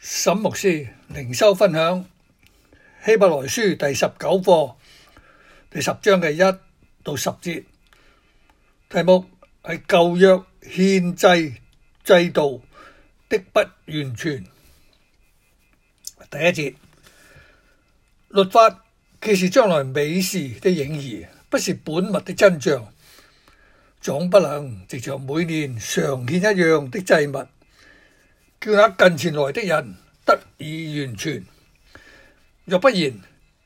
沈牧師靈修分享希伯來書第十九課第十章嘅一到十節，題目係舊約獻祭制度的不完全。第一節，律法既是將來美事的影兒，不是本物的真像，總不能藉着每年常獻一樣的祭物。叫那近前來的人得以完全。若不然，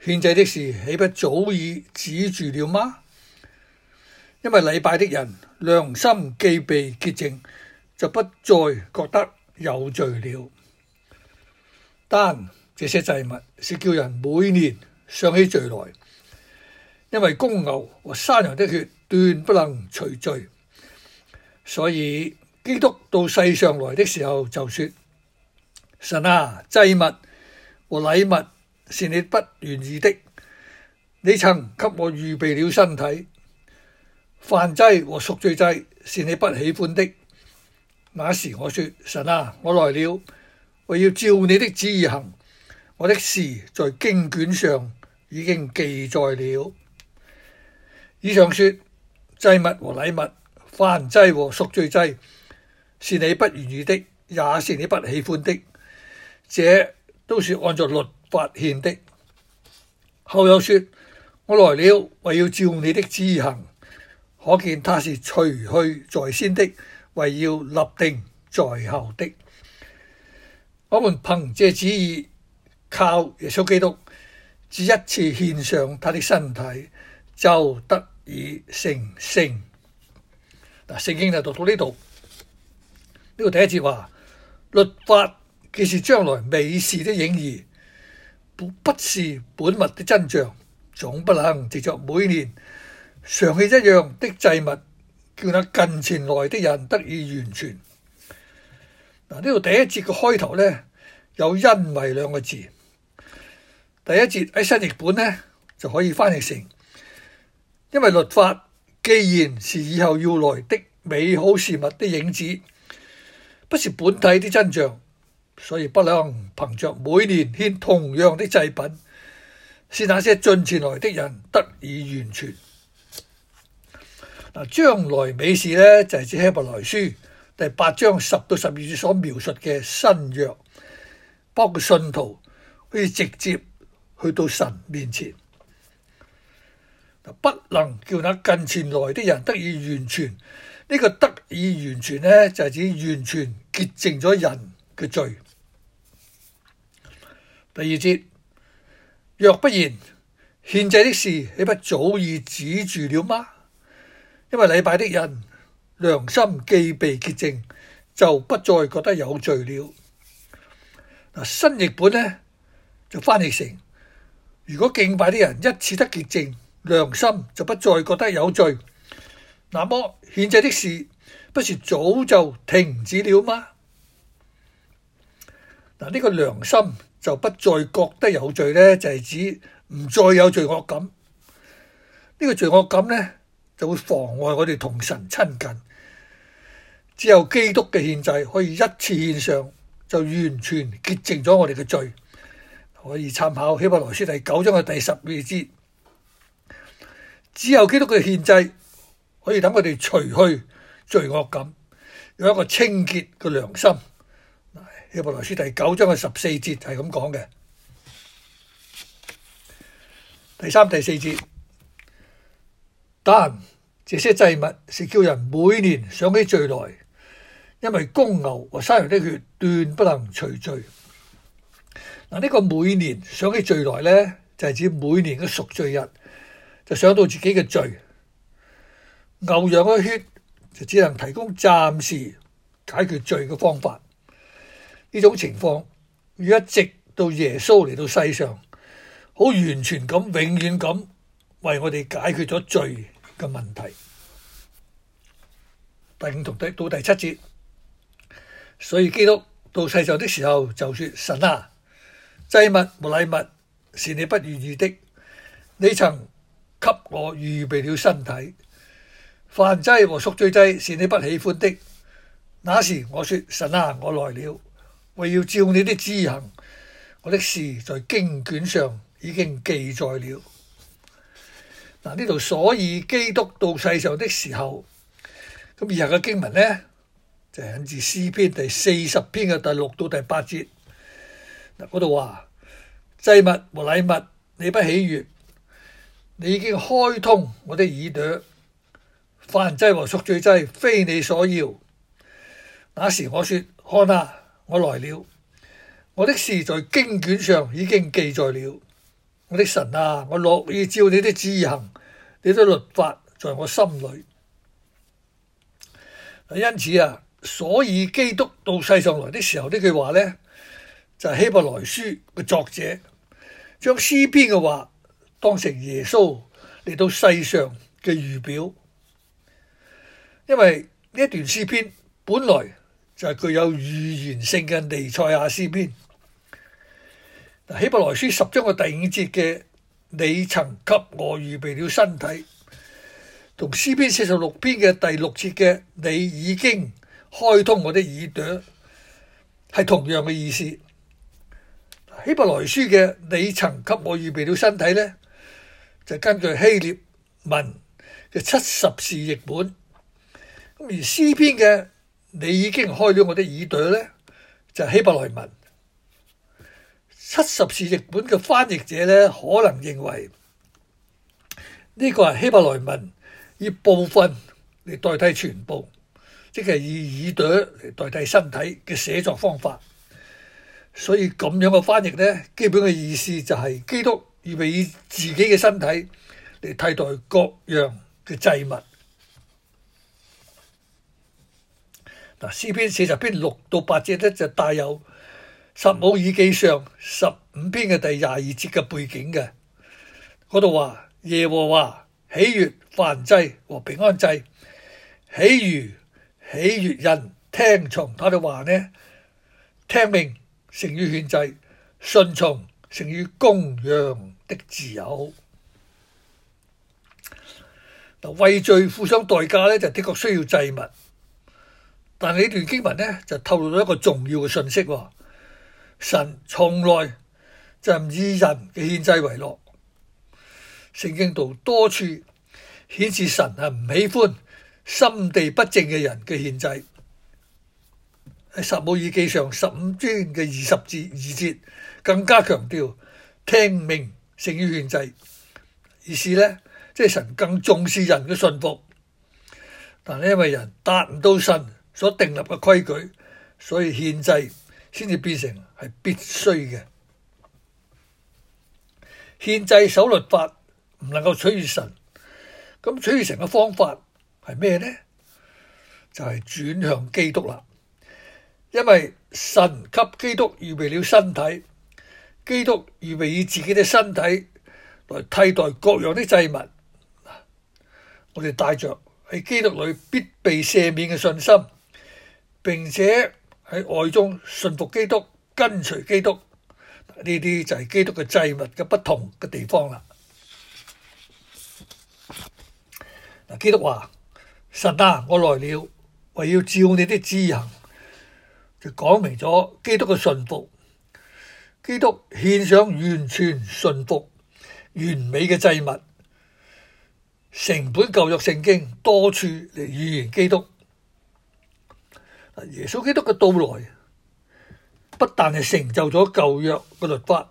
獻祭的事豈不早已止住了嗎？因為禮拜的人良心既被潔淨，就不再覺得有罪了。但這些祭物是叫人每年想起罪來，因為公牛和山羊的血斷不能除罪，所以，基督到世上來的時候就說：神啊，祭物和禮物是你不願意的。你曾給我預備了身體，燔祭和贖罪祭是你不喜歡的。那時我說：神啊，我來了，我要照你的旨意行。我的事在經卷上已經記載了。以上說祭物和禮物、燔祭和贖罪祭。是你不願意的，也是你不喜歡的，這都是按照律法獻的。後又說：我來了，為要照你的旨意行。可見他是除去在先的，為要立定在後的。我們憑藉旨意靠耶穌基督，只一次獻上他的身體，就得以成聖。嗱，聖經就讀到呢度。呢度第一節話律法既是將來美事的影兒，不是本物的真像，總不能藉著每年常獻一樣的祭物，叫那近前來的人得以完全。嗱，呢度第一節嘅開頭呢，有因為兩個字。第一節喺新譯本呢，就可以翻譯成因為律法既然是以後要來的美好事物的影子。不是本體的真相，所以不能憑着每年獻同樣的祭品，使那些進前來的人得以完全。嗱，將來美事呢，就係指希伯來書第八章十到十二節所描述嘅新約，包括信徒可以直接去到神面前。不能叫那近前來的人得以完全。呢個得以完全呢，就係指完全。潔淨咗人嘅罪。第二節，若不然，獻祭的事豈不早已止住了嗎？因為禮拜的人良心既被潔淨，就不再覺得有罪了。嗱，新譯本呢，就翻譯成：如果敬拜的人一次得潔淨，良心就不再覺得有罪，那麼獻祭的事。不是早就停止了嗎？嗱，呢個良心就不再覺得有罪呢，就係、是、指唔再有罪惡感。呢、這個罪惡感呢，就會妨礙我哋同神親近。只有基督嘅獻祭可以一次獻上，就完全潔淨咗我哋嘅罪。可以參考希伯來書第九章嘅第十二節。只有基督嘅獻祭可以等我哋除去。罪惡感，有一個清潔嘅良心。希伯來書第九章嘅十四節就係咁講嘅。第三、第四節，但這些祭物是叫人每年想起罪來，因為公牛和山羊的血斷不能除罪。嗱、啊，呢、這個每年想起罪來呢，就係、是、指每年嘅贖罪日，就想到自己嘅罪，牛羊嘅血，就只能提供暫時解決罪嘅方法，呢種情況要一直到耶穌嚟到世上，好完全咁、永遠咁為我哋解決咗罪嘅問題。第五節到第七節，所以基督到世上的時候就說：神啊，祭物和禮物是你不願意的，你曾給我預備了身體。凡祭和贖罪祭是你不喜歡的。那時我說：神啊，我來了，我要照你的旨意行。我的事在經卷上已經記載了。嗱、啊，呢度所以基督到世上的時候，咁而家嘅經文呢，就引自詩篇第四十篇嘅第六到第八節。嗱，嗰度話：祭物和禮物你不喜悦，你已經開通我的耳朵。燔祭和贖罪祭，非你所要。那時我說：看啊，我來了，我的事在經卷上已經記載了。我的神啊，我樂意照你的旨意行，你的律法在我心裏。因此啊，所以基督到世上來的時候，呢句話呢，就係希伯來書嘅作者將詩篇嘅話當成耶穌嚟到世上嘅預表。因為呢一段詩篇本來就係具有預言性嘅尼賽亞詩篇。《希伯來書》十章嘅第五節嘅你曾給我預備了身體，同《詩篇》四十六篇嘅第六節嘅你已經開通我的耳朵，係同樣嘅意思。《希伯來書》嘅你曾給我預備了身體呢，就根據希臘文嘅七十字譯本。而詩篇嘅你已經開咗我的耳朵呢，就係希伯來文七十士譯本嘅翻譯者呢，可能認為呢個係希伯來文以部分嚟代替全部，即係以耳朵嚟代替身體嘅寫作方法。所以咁樣嘅翻譯呢，基本嘅意思就係基督以為以自己嘅身體嚟替代各樣嘅祭物。嗱，詩篇四十篇六到八節呢，就帶有《撒母耳記上》十五篇嘅第廿二節嘅背景嘅，嗰度話耶和華喜悅燔祭和平安祭，豈如喜悅人聽從他的話呢，聽命勝於獻祭，順從勝於公羊的脂油。嗱，為罪付上代價呢，就的確需要祭物。但係呢段經文呢，就透露咗一個重要嘅信息。神從來就唔以人嘅獻祭為樂。聖經度多處顯示神係唔喜歡心地不正嘅人嘅獻祭。喺撒母耳記上十五章嘅二十字二節，更加強調聽命勝於獻祭。意思呢，即係神更重視人嘅信服。但係因為人達唔到神所訂立嘅規矩，所以憲制先至變成係必須嘅憲制。守律法唔能夠取悅神，咁取悅神嘅方法係咩呢？就係、是、轉向基督啦，因為神給基督預備了身體，基督預備以自己嘅身體來替代各樣的祭物。我哋帶著喺基督裏必被赦免嘅信心。並且喺愛中順服基督，跟隨基督，呢啲就係基督嘅祭物嘅不同嘅地方啦。基督話：神啊，我來了，為要照你的旨意行，就講明咗基督嘅順服。基督獻上完全順服、完美嘅祭物。成本舊約聖經多處嚟預言基督。耶穌基督嘅到來，不但係成就咗舊約嘅律法，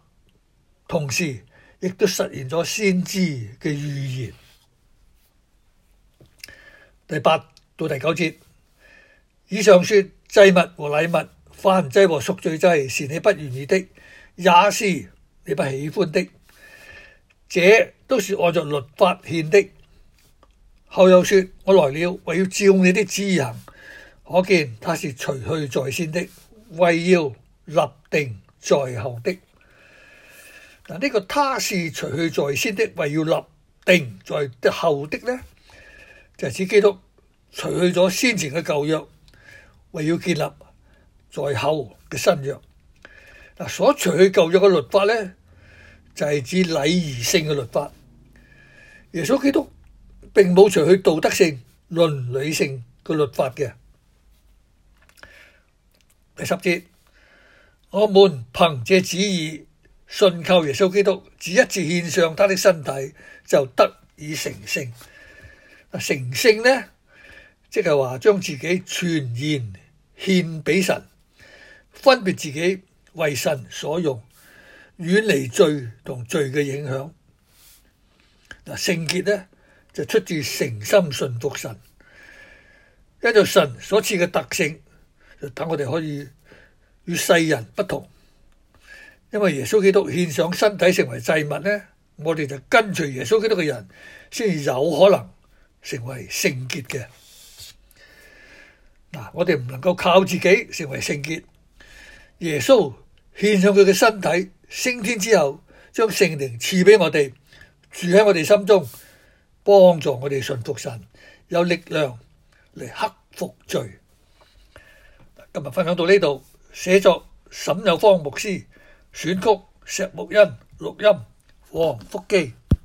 同時亦都實現咗先知嘅預言。第八到第九節，以上說祭物和禮物、燔祭和贖罪祭，是你不願意的，也是你不喜歡的，這都是按着律法獻的。後又說我來了，為要照你的旨意行。可見他是除去在先的，為要立定在後的。嗱，呢個他是除去在先的，為要立定在後的呢？就係指基督除去咗先前嘅舊約，為要建立在後嘅新約。嗱，所除去舊約嘅律法呢，就係指禮儀性嘅律法。耶穌基督並冇除去道德性、倫理性嘅律法嘅。第十節，我們憑借旨意信靠耶穌基督，只一次獻上他的身體，就得以成聖。成聖呢，即係話將自己全然獻畀神，分別自己為神所用，遠離罪同罪嘅影響。嗱，聖潔呢，就出自誠心信服神，因為神所賜嘅特性。等我哋可以與世人不同，因為耶穌基督獻上身體成為祭物呢，我哋就跟隨耶穌基督嘅人，先至有可能成為聖潔嘅。嗱，我哋唔能夠靠自己成為聖潔。耶穌獻上佢嘅身體升天之後，將聖靈賜俾我哋，住喺我哋心中，幫助我哋順服神，有力量嚟克服罪。今日分享到呢度。寫作沈有方牧師，選曲石木恩，錄音黃福基。